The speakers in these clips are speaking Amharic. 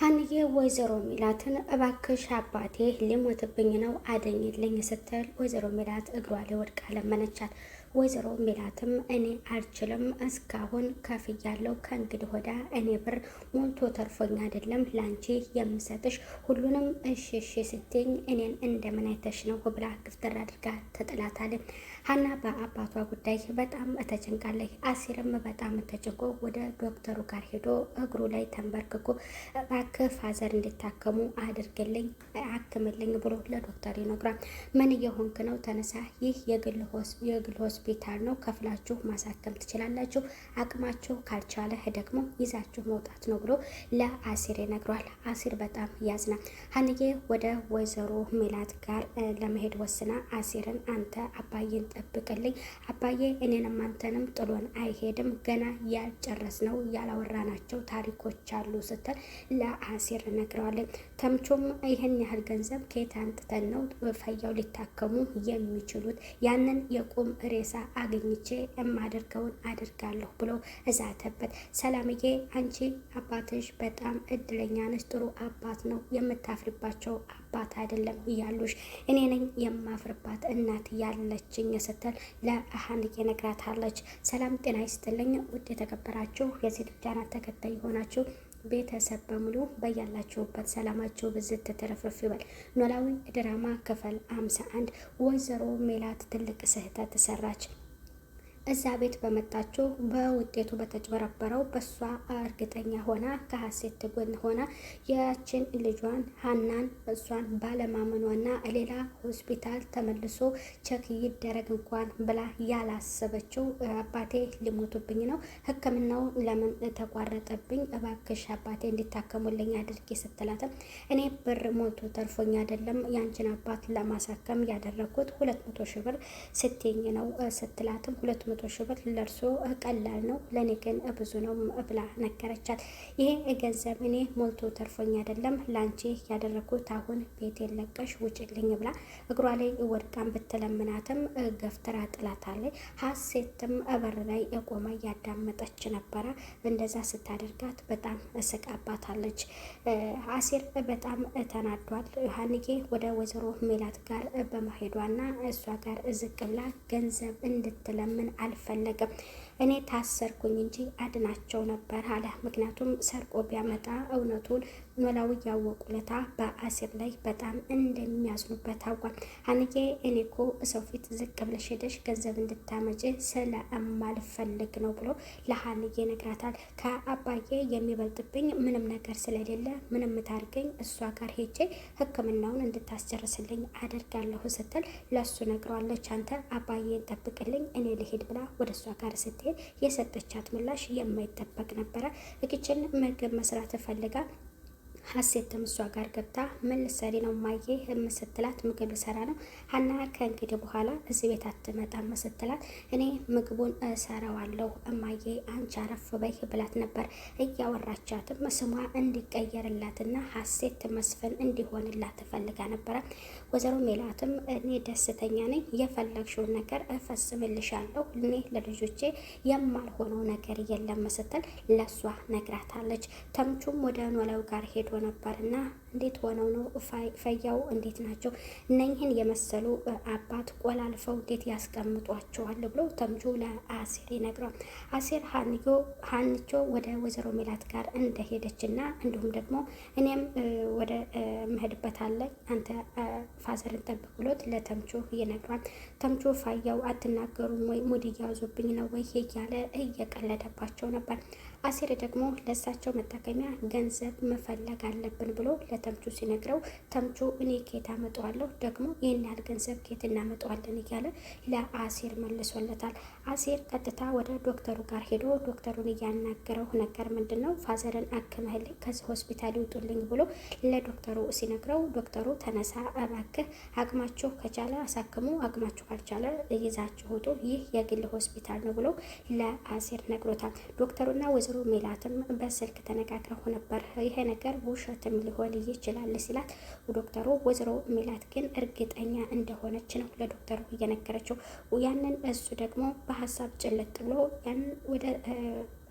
ሀንዬ ወይዘሮ ሚላትን እባክሽ አባቴ ሊሞትብኝ ነው አደኝልኝ ስትል ወይዘሮ ሚላት እግሯ ላይ ወድቃ ለመነቻት። ወይዘሮ ሜላትም እኔ አልችልም፣ እስካሁን ከፍ ያለው ከእንግዲህ ወዳ እኔ ብር ሞልቶ ተርፎኝ አይደለም ላንቺ የምሰጥሽ፣ ሁሉንም እሺ እሺ ስትይኝ እኔን እንደምን አይተሽ ነው ብላ ግፍትር አድርጋ ተጥላታለች። ሀና በአባቷ ጉዳይ በጣም ተጨንቃለች። አሲርም በጣም ተጨንቆ ወደ ዶክተሩ ጋር ሄዶ እግሩ ላይ ተንበርክኮ እባክህ ፋዘር እንድታከሙ አድርግልኝ አክምልኝ ብሎ ለዶክተር ይነግራል። ምን እየሆንክ ነው? ተነሳ፣ ይህ የግል ሆስ ሆስፒታል ነው። ከፍላችሁ ማሳከም ትችላላችሁ። አቅማችሁ ካልቻለ ደግሞ ይዛችሁ መውጣት ነው ብሎ ለአሲር ይነግሯል። አሲር በጣም ያዝና ሀንዬ ወደ ወይዘሮ ሜላት ጋር ለመሄድ ወስና አሲርን አንተ አባዬን ጠብቅልኝ፣ አባዬ እኔንም አንተንም ጥሎን አይሄድም፣ ገና ያልጨረስነው ያላወራናቸው ታሪኮች አሉ ስትል ለአሲር ነግረዋለን። ተምቾም ይህን ያህል ገንዘብ ከየት አንጥተን ነው ፈያው ሊታከሙ የሚችሉት? ያንን የቁም ሬሳ እዛ አግኝቼ የማደርገውን አድርጋለሁ ብሎ እዛተበት። ሰላምዬ አንቺ አባትሽ በጣም እድለኛ ነች፣ ጥሩ አባት ነው የምታፍርባቸው አባት አይደለም እያሉሽ እኔ ነኝ የማፍርባት እናት ያለችኝ ስትል ለአሀንዬ ነግራታለች። ሰላም ጤና ይስጥልኝ ውድ የተከበራችሁ የሴቶች ተከታይ የሆናችሁ ቤተሰብ በሙሉ በያላችሁበት ሰላማቸው ብዝት ተተረፈፍ ይበል። ኖላዊ ድራማ ክፍል 51 ወይዘሮ ሜላት ትልቅ ስህተት ሰራች። እዛ ቤት በመጣችው በውጤቱ በተጭበረበረው በእሷ እርግጠኛ ሆና ከሀሴት ጎን ሆና ያችን ልጇን ሀናን እሷን ባለማመኗና ሌላ ሆስፒታል ተመልሶ ቸክ ይደረግ እንኳን ብላ ያላሰበችው አባቴ ሊሞቱብኝ ነው፣ ሕክምናው ለምን ተቋረጠብኝ? እባክሽ አባቴ እንዲታከሙልኝ አድርጌ ስትላትም እኔ ብር ሞልቶ ተርፎኝ አይደለም ያንችን አባት ለማሳከም ያደረግኩት ሁለት መቶ ሺህ ብር ስትኝ ነው ስትላትም ሁለት መቶ ሺህ ብር ለእርሱ ቀላል ነው፣ ለእኔ ግን ብዙ ነው ብላ ነገረቻት። ይሄ ገንዘብ እኔ ሞልቶ ተርፎኝ አይደለም ለአንቺ ያደረግኩት፣ አሁን ቤት ለቀሽ ውጭልኝ ብላ እግሯ ላይ ወድቃን ብትለምናትም ገፍትራ ጥላታለች። ሀሴትም በር ላይ የቆመ እያዳመጠች ነበረ። እንደዛ ስታደርጋት በጣም እስቃባታለች። አሴር በጣም ተናዷል። ሀንጌ ወደ ወይዘሮ ሜላት ጋር በመሄዷና እሷ ጋር ዝቅ ብላ ገንዘብ እንድትለምን አልፈለገም። እኔ ታሰርኩኝ እንጂ አድናቸው ነበር አለ። ምክንያቱም ሰርቆ ቢያመጣ እውነቱን ኖላዊ ለታ በአሲር ላይ በጣም እንደሚያዝኑበት ታውቋል። ሀንዬ እኔ እኮ ፊት ዝቅ ብለሽ ሄደሽ ገንዘብ እንድታመጭ ስለማልፈልግ ነው ብሎ ለሀንዬ ነግራታል። ከአባዬ የሚበልጥብኝ ምንም ነገር ስለሌለ ምንም ታርገኝ እሷ ጋር ሄጄ ሕክምናውን እንድታስጨርስልኝ አደርጋለሁ ስትል ለሱ ነግሯለች። አንተ አባዬን ጠብቅልኝ እኔ ልሄድ ብላ ወደ እሷ ጋር ስትሄድ የሰጠቻት ምላሽ የማይጠበቅ ነበረ። እግችን ምግብ መስራት ፈልጋ ሀሴትም እሷ ጋር ገብታ ምን ልትሰሪ ነው ማዬ ስትላት ምግብ ልሰራ ነው ሀና ከእንግዲህ በኋላ እዚህ ቤት አትመጣም ስትላት እኔ ምግቡን እሰራዋለሁ እማዬ አንቺ አረፍ በይ ብላት ነበር እያወራቻትም ስሟ እንዲቀየርላትና ሀሴት መስፍን እንዲሆንላት ትፈልጋ ነበረ ወይዘሮ ሜላትም እኔ ደስተኛ ነኝ የፈለግሽውን ነገር እፈጽምልሻለሁ እኔ ለልጆቼ የማልሆነው ነገር የለም ስትል ለእሷ ነግራታለች ተምቹም ወደ ኖላዊ ጋር ሄዶ Bueno, para nada. እንዴት ሆነው ነው ፈያው እንዴት ናቸው? እነኝህን የመሰሉ አባት ቆላልፈው እንዴት ያስቀምጧቸዋል? ብሎ ተምቹ ለአሴር ይነግረዋል። አሴር ሀንቾ ወደ ወይዘሮ ሜላት ጋር እንደሄደች እና እንዲሁም ደግሞ እኔም ወደ ምሄድበት አለ አንተ ፋዘርን ጠብቅ ብሎት ለተምቹ ይነግረዋል። ተምቹ ፋያው አትናገሩም ወይ ሙድ እያያዙብኝ ነው ወይ እያለ እየቀለደባቸው ነበር። አሴር ደግሞ ለእሳቸው መጠቀሚያ ገንዘብ መፈለግ አለብን ብሎ ለተምቹ ሲነግረው ተምቹ እኔ ኬት አመጣዋለሁ ደግሞ ይህን ያህል ገንዘብ ኬት እናመጣዋለን እያለ ለአሴር መልሶለታል። አሴር ቀጥታ ወደ ዶክተሩ ጋር ሄዶ ዶክተሩን እያናገረው ነገር ምንድን ነው ፋዘርን አክምህልኝ ከዚህ ሆስፒታል ይውጡልኝ ብሎ ለዶክተሩ ሲነግረው ዶክተሩ ተነሳ እባክህ አቅማችሁ ከቻለ አሳክሙ፣ አቅማችሁ ካልቻለ ይዛችሁ ውጡ፣ ይህ የግል ሆስፒታል ነው ብሎ ለአሴር ነግሮታል። ዶክተሩና ወይዘሮ ሜላትም በስልክ ተነጋግረው ነበር። ይሄ ነገር ውሸትም ሊሆን ይ ይችላል ሲላት ዶክተሩ ወይዘሮ ሚላት ግን እርግጠኛ እንደሆነች ነው ለዶክተሩ እየነገረችው። ያንን እሱ ደግሞ በሀሳብ ጭልጥ ብሎ ያን ወደ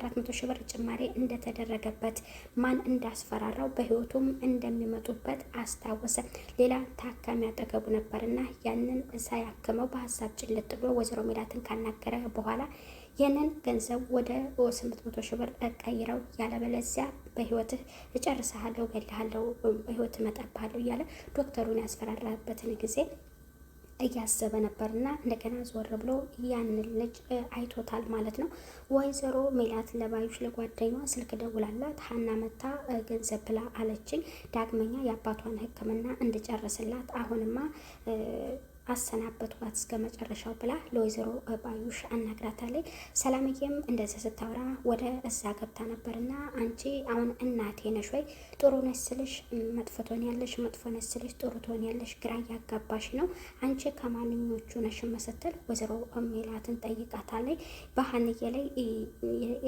አራት መቶ ሺህ ብር ጭማሪ እንደተደረገበት ማን እንዳስፈራራው በህይወቱም እንደሚመጡበት አስታወሰ። ሌላ ታካሚ አጠገቡ ነበርና ያንን ሳያክመው በሀሳብ ጭልጥ ብሎ ወይዘሮ ሚላትን ካናገረ በኋላ ይህንን ገንዘብ ወደ መቶ ሺህ ብር ቀይረው፣ ያለበለዚያ በህይወትህ እጨርሰሃለሁ፣ ገልሃለሁ፣ በህይወት እመጣብሃለሁ እያለ ዶክተሩን ያስፈራራበትን ጊዜ እያሰበ ነበር እንደገና ዞር ብሎ ያንን ልጅ አይቶታል ማለት ነው። ወይዘሮ ሜላት ለባዩሽ ለጓደኛዋ ስልክ ደውላላት ሀና መታ ገንዘብ ብላ አለችኝ፣ ዳግመኛ የአባቷን ሕክምና እንድጨርስላት አሁንማ አሰናበቷት እስከ መጨረሻው ብላ ለወይዘሮ ባዩሽ አናግራታለች። ሰላምዬም እንደዚህ ስታወራ ወደ እዛ ገብታ ነበርና አንቺ አሁን እናቴ ነሽ ወይ? ጥሩ ነሽ ስልሽ መጥፎ ትሆኛለሽ፣ መጥፎ ነሽ ስልሽ ጥሩ ትሆኛለሽ፣ ግራ እያጋባሽ ነው። አንቺ ከማንኞቹ ነሽ መሰተል ወይዘሮ ሜላትን ጠይቃታለች። በሀንዬ ላይ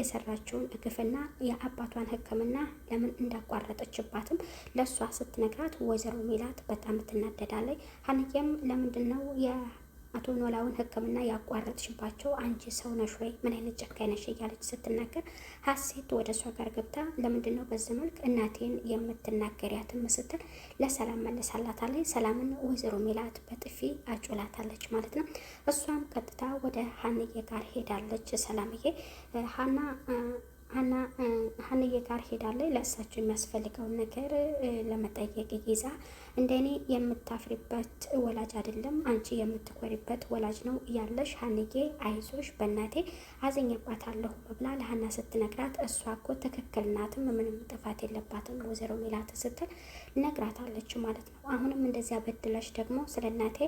የሰራችውን ግፍና የአባቷን ሕክምና ለምን እንዳቋረጠችባትም ለእሷ ስትነግራት ወይዘሮ ሜላት በጣም ትናደዳለች። ሀንዬም ለምንድን ነው የአቶ ኖላውን ሕክምና ያቋረጥሽባቸው አንቺ ሰው ነሽ ወይ? ምን አይነት ጨካኝ ነሽ? እያለች ስትናገር ሀሴት ወደ እሷ ጋር ገብታ ለምንድን ነው በዚህ መልክ እናቴን የምትናገሪያትን? ስትል ለሰላም መልሳላታለች። ሰላምን ወይዘሮ ሜላት በጥፊ አጩላታለች ማለት ነው። እሷም ቀጥታ ወደ ሀንዬ ጋር ሄዳለች። ሰላምዬ ሀና አና ሀንዬ ጋር ሄዳለች። ለእሳቸው የሚያስፈልገውን ነገር ለመጠየቅ ይዛ እንደኔ የምታፍሪበት ወላጅ አይደለም፣ አንቺ የምትኮሪበት ወላጅ ነው ያለሽ። ሀንዬ አይዞሽ፣ በእናቴ አዘኝባታለሁ ብላ ለሀና ስትነግራት እሷ እኮ ትክክል ናትም ምንም ጥፋት የለባትም ወይዘሮ ሜላት ስትል ነግራታለች ማለት ነው። አሁንም እንደዚያ በድለሽ ደግሞ ስለ እናቴ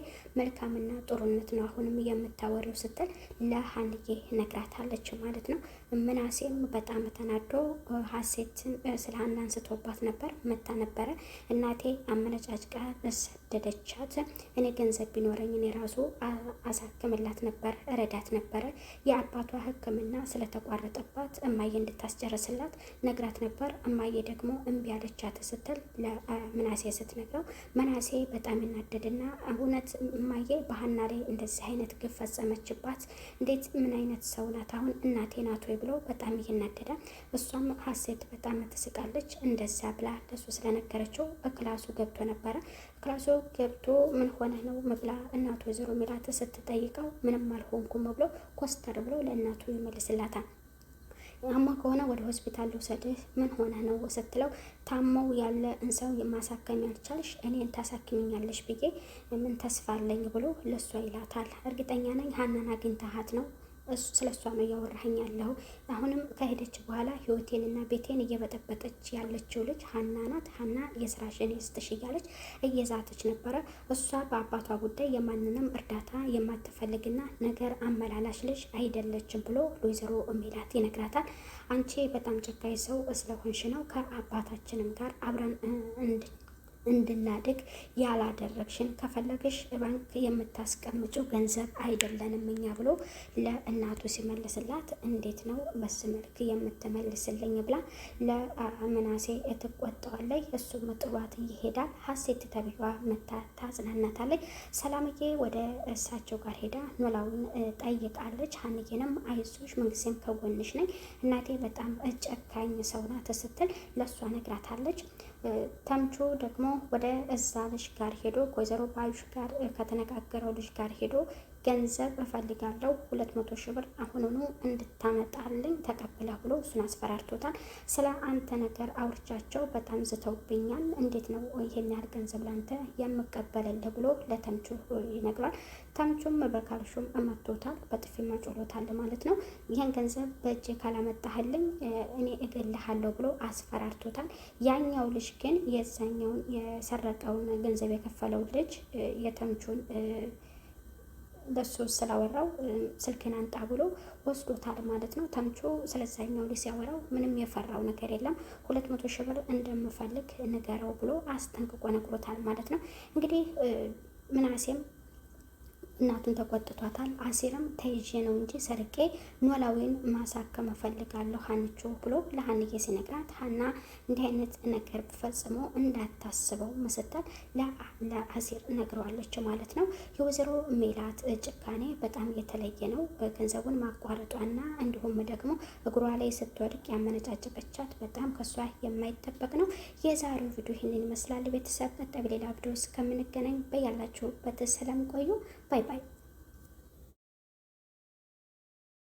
መልካምና ጥሩነት ነው አሁንም የምታወሪው ስትል ለሀንዬ ነግራታለች ማለት ነው። ምናሴም በጣም በጣም ተናዶ ሀሴትን ስለ ሀና አንስቶባት ነበር። መታ ነበረ እናቴ አመነጫጭቃ ሰደደቻት። እኔ ገንዘብ ቢኖረኝ እኔ ራሱ አሳክምላት ነበር፣ እረዳት ነበረ። የአባቷ ሕክምና ስለተቋረጠባት እማዬ እንድታስጨርስላት ነግራት ነበር። እማዬ ደግሞ እምቢ አለቻት ስትል ለምናሴ ስትነግረው መናሴ በጣም ይናደድና እውነት እማዬ በሀና ላይ እንደዚህ አይነት ግፍ ፈጸመችባት? እንዴት ምን አይነት ሰው ናት? አሁን እናቴ ናት ወይ ብሎ በጣም ይናደድ ተናደደ። እሷም ሀሴት በጣም ትስቃለች። እንደዛ ብላ ለሱ ስለነገረችው ክላሱ ገብቶ ነበረ። ክላሱ ገብቶ ምን ሆነ ነው ብላ እናቱ ወይዘሮ ሚላት ስትጠይቀው ምንም አልሆንኩም ብሎ ኮስተር ብሎ ለእናቱ ይመልስላታል። አማ ከሆነ ወደ ሆስፒታል ልውሰድህ፣ ምን ሆነ ነው ስትለው ታመው ያለ እንሰው የማሳከም ያልቻልሽ እኔን ታሳክሚኛለሽ ብዬ ምን ተስፋ አለኝ ብሎ ለሷ ይላታል። እርግጠኛ ነኝ ሀናን አግኝተሃት ነው ስለ እሷ ነው እያወራኸኝ ያለሁ። አሁንም ከሄደች በኋላ ህይወቴንና ቤቴን እየበጠበጠች ያለችው ልጅ ሀና ናት። ሀና የስራሽን ይስጥሽ እያለች እየዛተች ነበረ። እሷ በአባቷ ጉዳይ የማንንም እርዳታ የማትፈልግና ነገር አመላላሽ ልጅ አይደለችም ብሎ ወይዘሮ ሜላት ይነግራታል። አንቺ በጣም ጨካኝ ሰው ስለሆንሽ ነው ከአባታችንም ጋር አብረን እንድናድግ ያላደረግሽን ከፈለግሽ ባንክ የምታስቀምጩ ገንዘብ አይደለንም እኛ ብሎ ለእናቱ ሲመልስላት፣ እንዴት ነው በስ መልክ የምትመልስልኝ ብላ ለምናሴ ትቆጣዋለች። እሱም ጥሏት ይሄዳል። ሀሴት ተብዬዋ መታ ታጽናናታለች። ሰላምዬ ወደ እሳቸው ጋር ሄዳ ኖላውን ጠይቃለች። ሀንዬንም አይዞሽ መንግስቴም ከጎንሽ ነኝ እናቴ በጣም ጨካኝ ሰው ናት ስትል ለእሷ ነግራታለች። ተምቹ ደግሞ ወደ እዛ ልጅ ጋር ሄዶ ከወይዘሮ ባዩሽ ጋር ከተነጋገረው ልጅ ጋር ሄዶ ገንዘብ እፈልጋለሁ ሁለት መቶ ሺህ ብር አሁኑኑ እንድታመጣልኝ ተቀብለህ ብሎ እሱን አስፈራርቶታል። ስለ አንተ ነገር አውርቻቸው በጣም ዝተውብኛል። እንዴት ነው ይሄን ያህል ገንዘብ ለአንተ የምቀበልልህ ብሎ ለተምቹ ይነግሯል። ተምቹም በካልሹም እመቶታል፣ በጥፊ መጮሎታል ማለት ነው። ይህን ገንዘብ በእጅ ካላመጣህልኝ እኔ እገልሃለሁ ብሎ አስፈራርቶታል። ያኛው ልጅ ግን የዛኛውን የሰረቀውን ገንዘብ የከፈለው ልጅ የተምቹን በሱ ስላወራው ስልክን አንጣ ብሎ ወስዶታል ማለት ነው። ተምቹ ስለዛኛው ልጅ ሲያወራው ምንም የፈራው ነገር የለም። ሁለት መቶ ሺህ ብር እንደምፈልግ ንገረው ብሎ አስጠንቅቆ ነግሮታል ማለት ነው። እንግዲህ ምናሴም እናቱን ተቆጥቷታል። አሲርም ተይዤ ነው እንጂ ሰርቄ ኖላዊን ማሳከም እፈልጋለሁ ሀንቾ ብሎ ለሀንዬ ሲነግራት ሀና እንዲህ አይነት ነገር ፈጽሞ እንዳታስበው መሰጣት ለአሲር ነግረዋለች ማለት ነው። የወይዘሮ ሜላት ጭካኔ በጣም የተለየ ነው። ገንዘቡን ማቋረጧና እንዲሁም ደግሞ እግሯ ላይ ስትወድቅ ያመነጫጭቀቻት በጣም ከሷ የማይጠበቅ ነው። የዛሬው ቪዲዮ ይህንን ይመስላል። ቤተሰብ ቀጣይ በሌላ ቪዲዮ እስከምንገናኝ በያላችሁበት ሰላም ቆዩ። 拜拜。